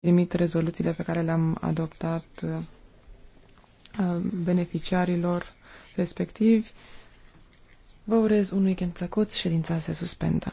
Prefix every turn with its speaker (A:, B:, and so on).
A: trimit rezoluțiile pe care le-am adoptat uh, uh, beneficiarilor respectivi. Vă urez un weekend plăcut, ședința se
B: suspendă.